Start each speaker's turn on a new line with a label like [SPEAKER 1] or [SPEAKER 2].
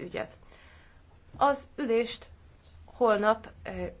[SPEAKER 1] ügyet.
[SPEAKER 2] Az ülést holnap eh,